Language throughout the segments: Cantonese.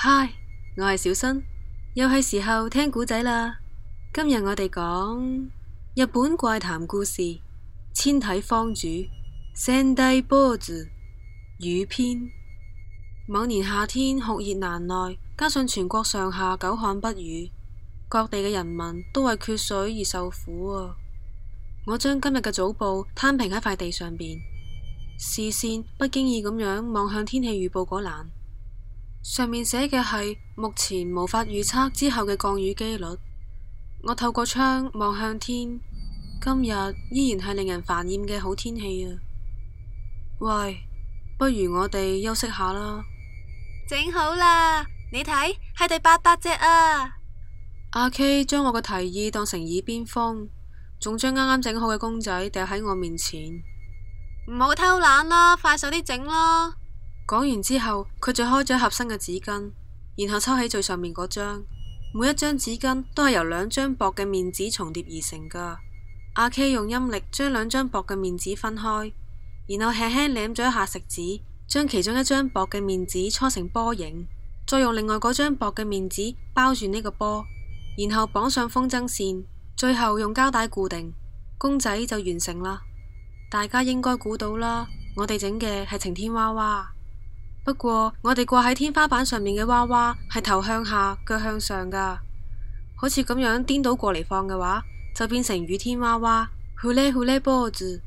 嗨，Hi，我係小新，又係時候聽故仔啦。今日我哋講日本怪談故事《千體坊主》，聲低波子雨篇。某年夏天酷熱難耐，加上全國上下久旱不雨，各地嘅人民都為缺水而受苦啊！我將今日嘅早報攤平喺塊地上邊，視線不經意咁樣望向天氣預報嗰欄。上面寫嘅係目前無法預測之後嘅降雨幾率。我透過窗望向天，今日依然係令人煩厭嘅好天氣啊！喂，不如我哋休息下啦。整好啦，你睇係第八百隻啊！阿 K 將我嘅提議當成耳邊風，仲將啱啱整好嘅公仔掉喺我面前。唔好偷懶啦，快手啲整啦！講完之後，佢再開咗盒新嘅紙巾，然後抽起最上面嗰張。每一張紙巾都係由兩張薄嘅面紙重疊而成㗎。阿 K 用陰力將兩張薄嘅面紙分開，然後輕輕舐咗一下食指，將其中一張薄嘅面紙搓成波形，再用另外嗰張薄嘅面紙包住呢個波，然後綁上風箏線，最後用膠帶固定，公仔就完成啦。大家應該估到啦，我哋整嘅係晴天娃娃。不過我哋掛喺天花板上面嘅娃娃係頭向下，腳向上噶，好似咁樣顛倒過嚟放嘅話，就變成雨天娃娃，好叻好叻波子。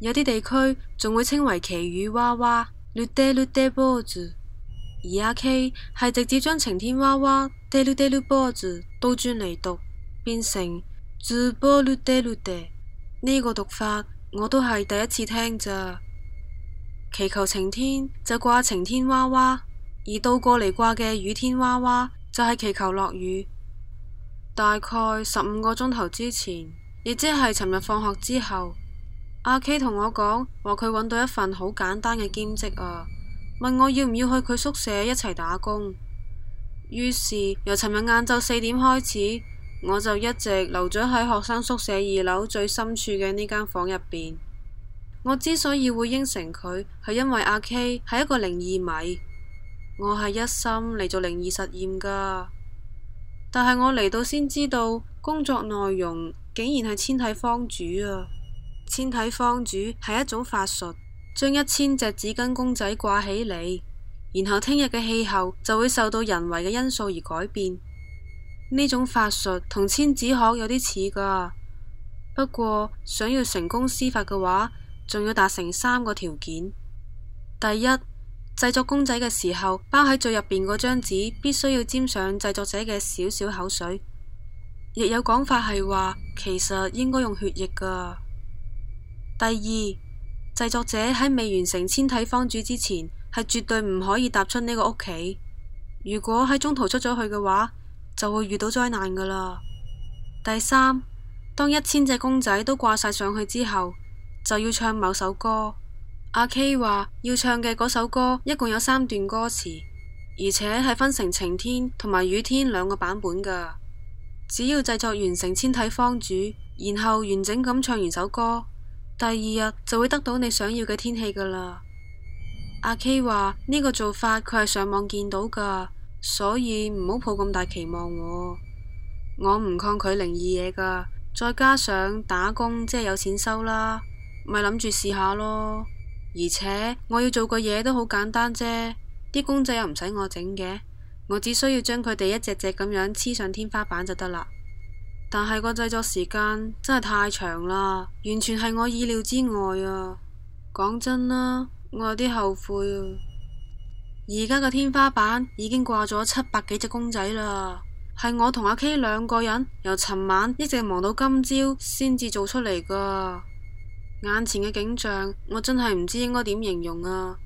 有啲地區仲會稱為奇雨娃娃，嚕爹嚕爹波子。而阿 K 係直接將晴天娃娃，爹嚕爹嚕波子倒轉嚟讀，變成住波嚕爹嚕爹。呢個讀法我都係第一次聽咋。祈求晴天就掛晴天娃娃，而倒過嚟掛嘅雨天娃娃就係祈求落雨。大概十五個鐘頭之前，亦即係尋日放學之後，阿 K 同我講，話佢揾到一份好簡單嘅兼職啊，問我要唔要去佢宿舍一齊打工。於是由尋日晏晝四點開始，我就一直留咗喺學生宿舍二樓最深處嘅呢間房入邊。我之所以會應承佢，係因為阿 K 係一個靈異迷，我係一心嚟做靈異實驗噶。但係我嚟到先知道工作內容竟然係千體坊主啊！千體坊主係一種法術，將一千隻紙巾公仔掛起嚟，然後聽日嘅氣候就會受到人為嘅因素而改變。呢種法術同千紙鶴有啲似噶，不過想要成功施法嘅話，仲要達成三個條件：第一，製作公仔嘅時候，包喺最入邊嗰張紙必須要沾上製作者嘅少少口水，亦有講法係話其實應該用血液噶。第二，製作者喺未完成千體坊主之前係絕對唔可以踏出呢個屋企，如果喺中途出咗去嘅話，就會遇到災難噶啦。第三，當一千隻公仔都掛晒上去之後，就要唱某首歌，阿 K 話要唱嘅嗰首歌一共有三段歌詞，而且係分成晴天同埋雨天兩個版本噶。只要製作完成，千體坊主，然後完整咁唱完首歌，第二日就會得到你想要嘅天氣噶啦。阿 K 話呢個做法佢係上網見到噶，所以唔好抱咁大期望哦。我唔抗拒靈異嘢噶，再加上打工即係有錢收啦。咪諗住試下咯，而且我要做個嘢都好簡單啫，啲公仔又唔使我整嘅，我只需要將佢哋一隻隻咁樣黐上天花板就得啦。但係個製作時間真係太長啦，完全係我意料之外啊！講真啦，我有啲後悔啊。而家嘅天花板已經掛咗七百幾隻公仔啦，係我同阿 K 兩個人由尋晚一直忙到今朝先至做出嚟噶。眼前嘅景象，我真係唔知應該點形容啊。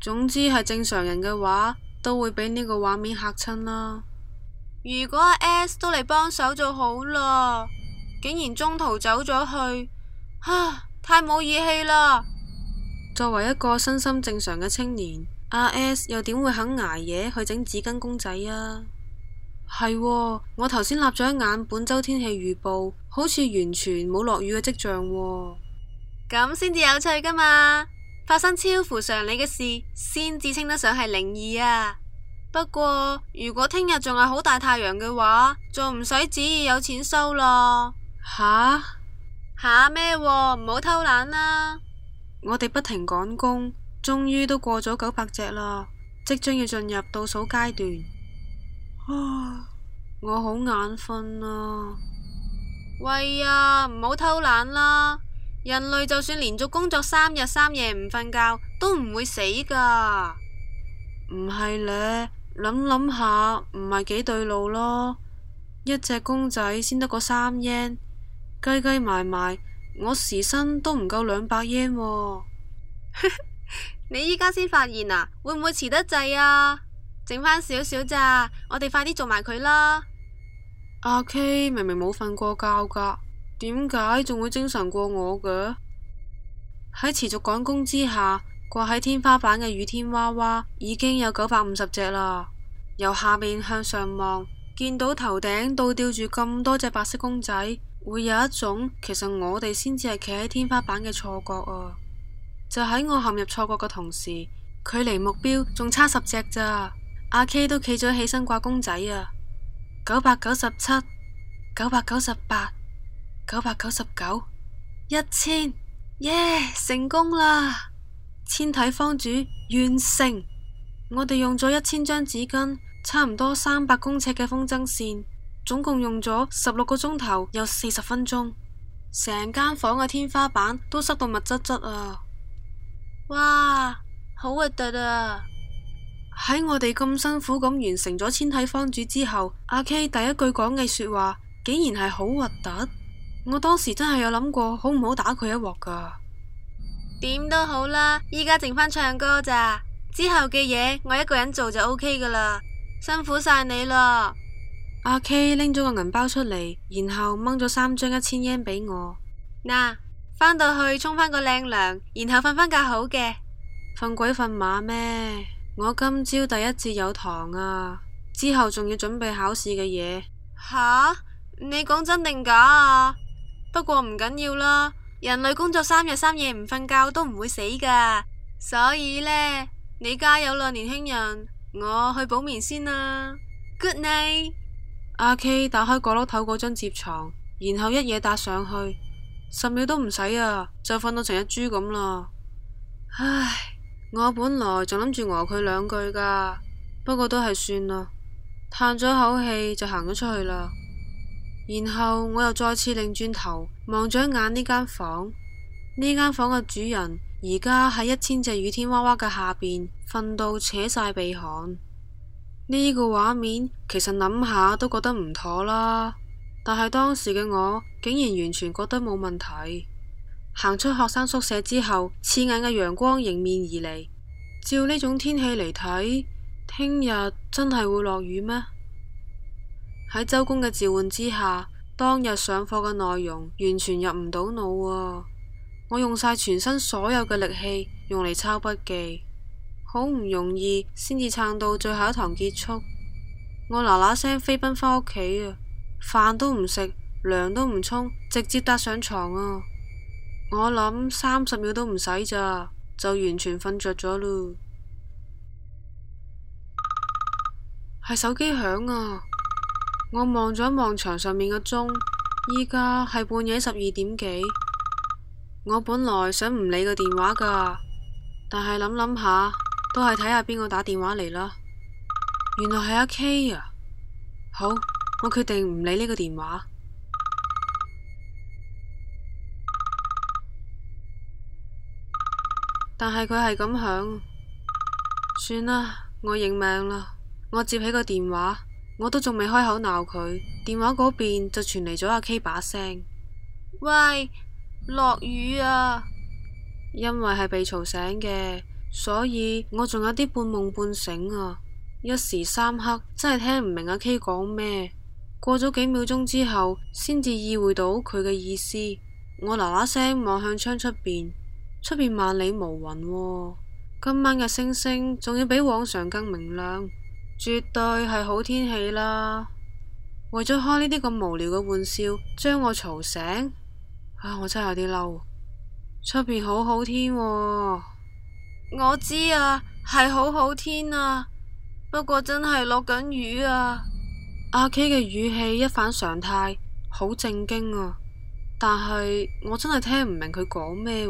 總之係正常人嘅話，都會俾呢個畫面嚇親啦。如果阿 S 都嚟幫手就好啦，竟然中途走咗去，哈，啊，太冇義氣啦！作為一個身心正常嘅青年，阿 S 又點會肯挨夜去整紙巾公仔啊？係，我頭先立咗一眼本周天氣預報，好似完全冇落雨嘅跡象啊。咁先至有趣噶嘛！發生超乎常理嘅事，先至稱得上係靈異啊。不過如果聽日仲係好大太陽嘅話，就唔使旨意有錢收咯。吓吓咩？唔好偷懶啦！我哋不停趕工，終於都過咗九百隻啦，即將要進入倒數階段。啊。我好眼瞓啊！喂呀、啊，唔好偷懶啦！人類就算連續工作三日三夜唔瞓覺都唔會死噶，唔係咧諗諗下唔係幾對路咯。一隻公仔先得嗰三英，雞雞埋埋埋，我時薪都唔夠兩百英、啊。 你依家先發現啊？會唔會遲得滯啊？剩翻少少咋？我哋快啲做埋佢啦。阿、啊、K 明明冇瞓過覺噶。點解仲會精神過我嘅？喺持續趕工之下，掛喺天花板嘅雨天娃娃已經有九百五十隻啦。由下面向上望，見到頭頂倒吊住咁多隻白色公仔，會有一種其實我哋先至係企喺天花板嘅錯覺啊！就喺我陷入錯覺嘅同時，距離目標仲差十隻咋？阿 K 都企咗起身掛公仔啊！九百九十七，九百九十八。九百九十九，一千耶！成功啦，千體坊主完成。我哋用咗一千張紙巾，差唔多三百公尺嘅風箏線，總共用咗十六個鐘頭，有四十分鐘，成間房嘅天花板都塞到密質質啊！哇，好核突啊！喺我哋咁辛苦咁完成咗千體坊主之後，阿 K 第一句講嘅說話竟然係好核突。我當時真係有諗過，好唔好打佢一鑊噶？點都好啦，依家剩返唱歌咋，之後嘅嘢我一個人做就 O K 噶啦。辛苦晒你啦。阿 K 拎咗個銀包出嚟，然後掹咗三張一千 yen 俾我。嗱，呃，返到去沖返個靚涼，然後瞓返覺好嘅。瞓鬼瞓馬咩？我今朝第一節有堂啊，之後仲要準備考試嘅嘢。吓，你講真定假啊？不過唔緊要啦，人類工作三日三夜唔瞓覺都唔會死噶，所以呢，你加油啦，年輕人！我去補眠先啦，Good night。阿 K 打開角落頭嗰張接床，然後一嘢搭上去，十秒都唔使啊，就瞓到成一豬咁啦。唉，我本來就諗住鵝佢兩句噶，不過都係算啦，嘆咗口氣就行咗出去啦。然後我又再次擰轉頭望咗眼呢間房，呢間房嘅主人而家喺一千隻雨天娃娃嘅下邊瞓到扯晒鼻鼾。呢個畫面其實諗下都覺得唔妥啦，但係當時嘅我竟然完全覺得冇問題。行出學生宿舍之後，刺眼嘅陽光迎面而嚟，照呢種天氣嚟睇，聽日真係會落雨咩？喺周公嘅召喚之下，當日上課嘅內容完全入唔到腦啊！我用晒全身所有嘅力氣用嚟抄筆記，好唔容易先至撐到最後一堂結束。我嗱嗱聲飛奔返屋企啊，飯都唔食，涼都唔沖，直接搭上床啊！我諗三十秒都唔使咋，就完全瞓着咗咯。係手機響啊！我望咗望牆上面個鐘，依家係半夜十二點幾。我本來想唔理個電話噶，但係諗諗下，都係睇下邊個打電話嚟啦。原來係阿 K 啊！好，我決定唔理呢個電話。但係佢係咁響，算啦，我認命啦，我接起個電話。我都仲未開口鬧佢，電話嗰邊就傳嚟咗阿 K 把聲。喂，落雨啊！因為係被嘈醒嘅，所以我仲有啲半夢半醒啊，一時三刻真係聽唔明阿 K 講咩。過咗幾秒鐘之後，先至意會到佢嘅意思。我嗱嗱聲望向窗出邊，出邊萬里無雲，啊，今晚嘅星星仲要比往常更明亮。絕對係好天氣啦！為咗開呢啲咁無聊嘅玩笑，將我嘈醒啊！唉，我真係有啲嬲。出邊好好天，啊，我知啊，係好好天啊。不過真係落緊雨啊！阿 K 嘅語氣一反常態，好正經啊。但係我真係聽唔明佢講咩，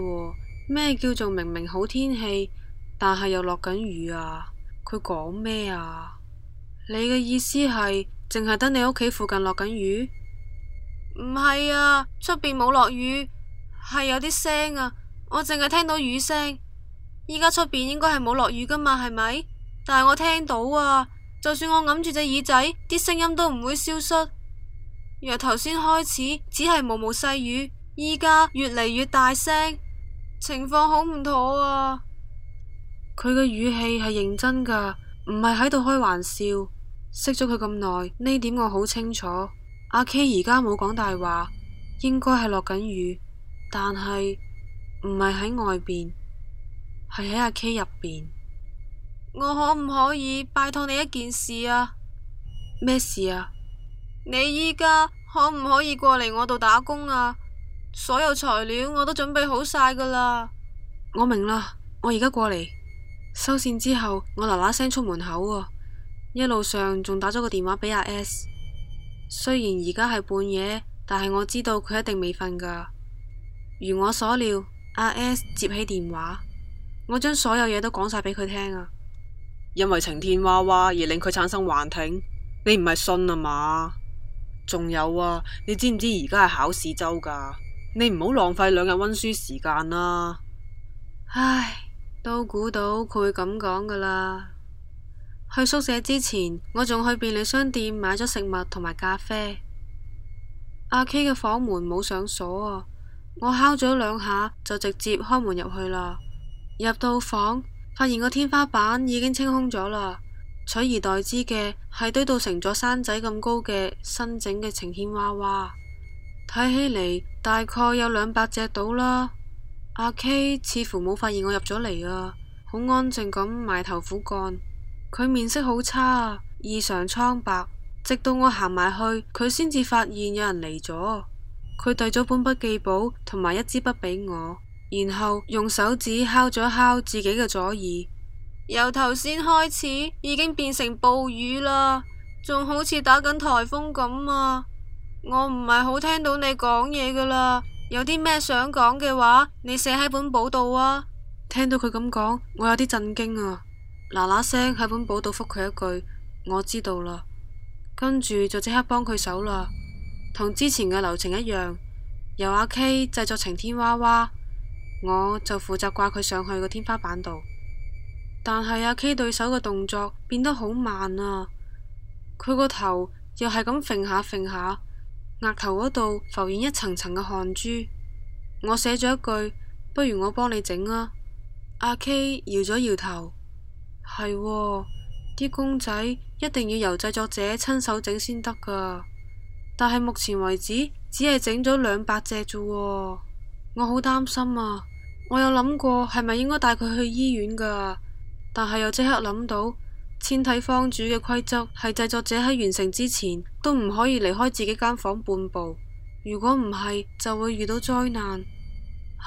咩叫做明明好天氣，但係又落緊雨啊？佢講咩啊？你嘅意思係淨係得你屋企附近落緊雨？唔係啊，出邊冇落雨，係有啲聲啊。我淨係聽到雨聲。依家出邊應該係冇落雨噶嘛，係咪？但係我聽到啊，就算我揞住隻耳仔，啲聲音都唔會消失。由頭先開始只係毛毛細雨，依家越嚟越大聲，情況好唔妥啊！佢嘅語氣係認真噶，唔係喺度開玩笑。識咗佢咁耐，呢點我好清楚。阿 K 而家冇講大話，應該係落緊雨，但係唔係喺外邊，係喺阿 K 入邊。我可唔可以拜託你一件事啊？咩事啊？你依家可唔可以過嚟我度打工啊？所有材料我都準備好晒噶啦。我明啦，我而家過嚟，收線之後，我嗱嗱聲出門口喎、啊。一路上仲打咗個電話俾阿 S，雖然而家係半夜，但係我知道佢一定未瞓噶。如我所料，阿 S 接起電話，我將所有嘢都講晒俾佢聽啊。因為晴天娃娃而令佢產生幻聽，你唔係信啊嘛？仲有啊，你知唔知而家係考試周噶？你唔好浪費兩日温書時間啦。唉，都估到佢咁講噶啦。去宿舍之前，我仲去便利商店買咗食物同埋咖啡。阿 K 嘅房門冇上鎖啊，我敲咗兩下就直接開門入去啦。入到房，發現個天花板已經清空咗啦，取而代之嘅係堆到成座山仔咁高嘅新整嘅晴天娃娃，睇起嚟大概有兩百隻到啦。阿 K 似乎冇發現我入咗嚟啊，好安靜咁埋頭苦幹。佢面色好差，異常蒼白。直到我行埋去，佢先至發現有人嚟咗。佢遞咗本筆記簿同埋一支筆俾我，然後用手指敲咗敲自己嘅左耳。由頭先開始已經變成暴雨啦，仲好似打緊台風咁啊！我唔係好聽到你講嘢噶啦，有啲咩想講嘅話，你寫喺本簿度啊！聽到佢咁講，我有啲震驚啊！嗱嗱聲喺本簿度複佢一句，我知道啦。跟住就即刻幫佢手啦，同之前嘅流程一樣，由阿 K 製作晴天娃娃，我就負責掛佢上去個天花板度。但係阿 K 對手嘅動作變得好慢啊，佢個頭又係咁揈下揈下，額頭嗰度浮現一層層嘅汗珠。我寫咗一句，不如我幫你整啊。阿 K 搖咗搖頭。係，啲公仔一定要由製作者親手整先得噶。但係目前為止，只係整咗兩百隻咋。我好擔心啊！我有諗過係咪應該帶佢去醫院噶，但係又即刻諗到千體坊主嘅規則係製作者喺完成之前都唔可以離開自己間房半步。如果唔係，就會遇到災難。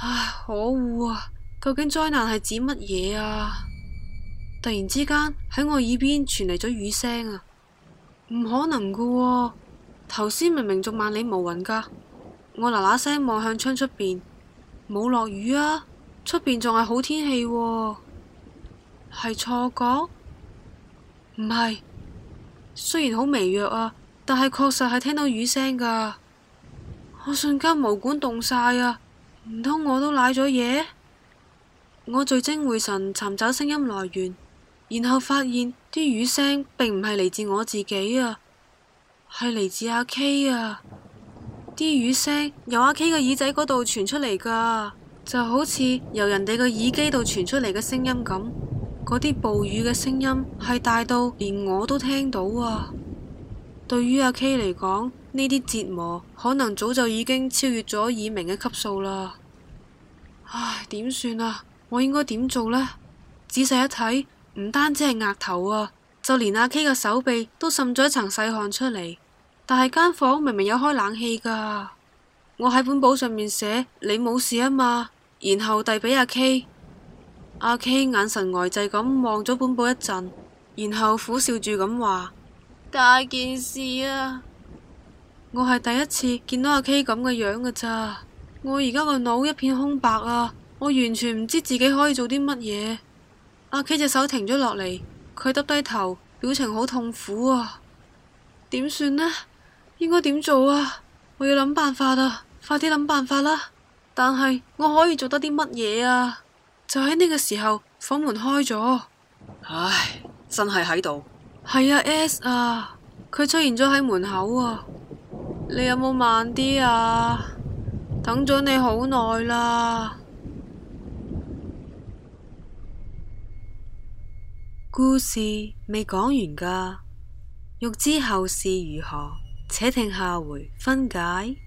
唉，可惡啊！究竟災難係指乜嘢啊？突然之間喺我耳邊傳嚟咗雨聲啊，唔可能噶喎，頭先明明仲萬里無雲噶。我嗱嗱聲望向窗出邊，冇落雨啊，出邊仲係好天氣，啊，係錯覺？唔係，雖然好微弱啊，但係確實係聽到雨聲噶。我瞬間毛管凍晒啊，唔通我都瀨咗嘢？我聚精會神尋找聲音來源。然後發現啲雨聲並唔係嚟自我自己啊，係嚟自阿 K 啊！啲雨聲由阿 K 個耳仔嗰度傳出嚟噶，就好似由人哋個耳機度傳出嚟嘅聲音咁。嗰啲暴雨嘅聲音係大到連我都聽到啊！對於阿 K 嚟講，呢啲折磨可能早就已經超越咗耳鳴嘅級數啦。唉，點算啊？我應該點做呢？仔細一睇。唔單止係額頭啊，就連阿 K 嘅手臂都滲咗一層細汗出嚟。但係間房明明有開冷氣噶。我喺本簿上面寫你冇事啊嘛，然後遞俾阿 K。阿 K 眼神呆滯咁望咗本簿一陣，然後苦笑住咁話：大件事啊！我係第一次見到阿 K 咁嘅樣噶咋。我而家個腦一片空白啊，我完全唔知自己可以做啲乜嘢。阿 K 隻手停咗落嚟，佢耷低頭，表情好痛苦啊！點算呢？應該點做啊？我要諗辦法啊！快啲諗辦法啦！但係我可以做得啲乜嘢啊？就喺呢個時候，房門開咗。唉，真係喺度。係啊，S 啊，佢出現咗喺門口啊！你有冇慢啲啊？等咗你好耐啦！故事未講完噶，欲知後事如何，且聽下回分解。